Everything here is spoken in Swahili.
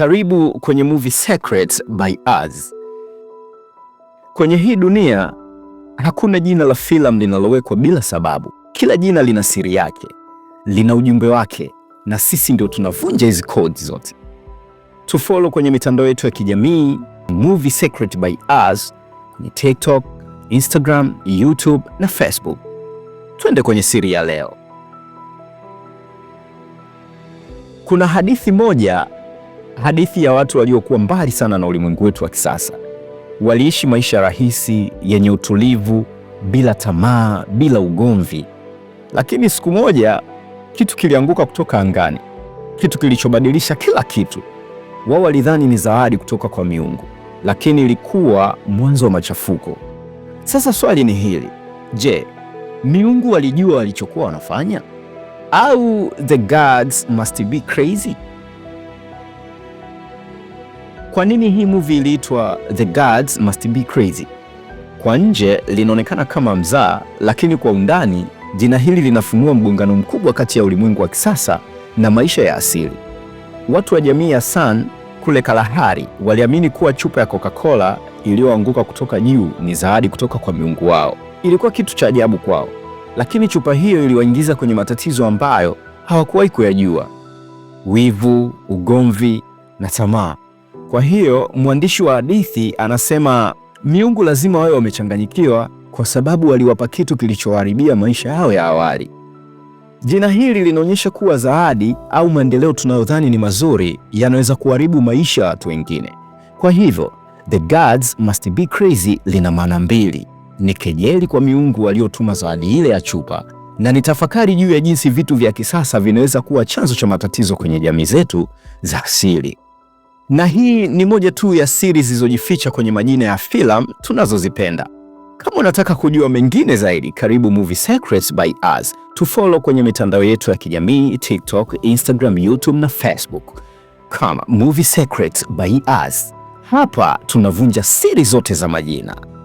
Karibu kwenye Movie Secrets by Us. Kwenye hii dunia hakuna jina la filamu linalowekwa bila sababu. Kila jina lina siri yake, lina ujumbe wake, na sisi ndio tunavunja hizi codes zote. Tufollow kwenye mitandao yetu ya kijamii Movie Secret by Us kwenye TikTok, Instagram, YouTube na Facebook. Twende kwenye siri ya leo. Kuna hadithi moja hadithi ya watu waliokuwa mbali sana na ulimwengu wetu wa kisasa. Waliishi maisha rahisi yenye utulivu, bila tamaa, bila ugomvi. Lakini siku moja kitu kilianguka kutoka angani, kitu kilichobadilisha kila kitu. Wao walidhani ni zawadi kutoka kwa miungu, lakini ilikuwa mwanzo wa machafuko. Sasa swali ni hili: je, miungu walijua walichokuwa wanafanya, au the gods must be crazy? Kwa nini hii movie iliitwa The Gods Must Be Crazy? Kwa nje linaonekana kama mzaa, lakini kwa undani jina hili linafunua mgongano mkubwa kati ya ulimwengu wa kisasa na maisha ya asili. Watu wa jamii ya San kule Kalahari waliamini kuwa chupa ya Coca-Cola iliyoanguka kutoka juu ni zawadi kutoka kwa miungu wao. Ilikuwa kitu cha ajabu kwao, lakini chupa hiyo iliwaingiza kwenye matatizo ambayo hawakuwahi kuyajua: wivu, ugomvi na tamaa. Kwa hiyo mwandishi wa hadithi anasema miungu lazima wawe wamechanganyikiwa kwa sababu waliwapa kitu kilichoharibia maisha yao ya awali. Jina hili linaonyesha kuwa zawadi au maendeleo tunayodhani ni mazuri yanaweza kuharibu maisha ya watu wengine. Kwa hivyo the gods must be crazy lina maana mbili: ni kejeli kwa miungu waliotuma zawadi ile ya chupa, na ni tafakari juu ya jinsi vitu vya kisasa vinaweza kuwa chanzo cha matatizo kwenye jamii zetu za asili na hii ni moja tu ya siri zilizojificha kwenye majina ya filamu tunazozipenda. Kama unataka kujua mengine zaidi, karibu Movie Secrets by Us. Tufollow kwenye mitandao yetu ya kijamii TikTok, Instagram, YouTube na Facebook kama Movie Secrets by Us. Hapa tunavunja siri zote za majina.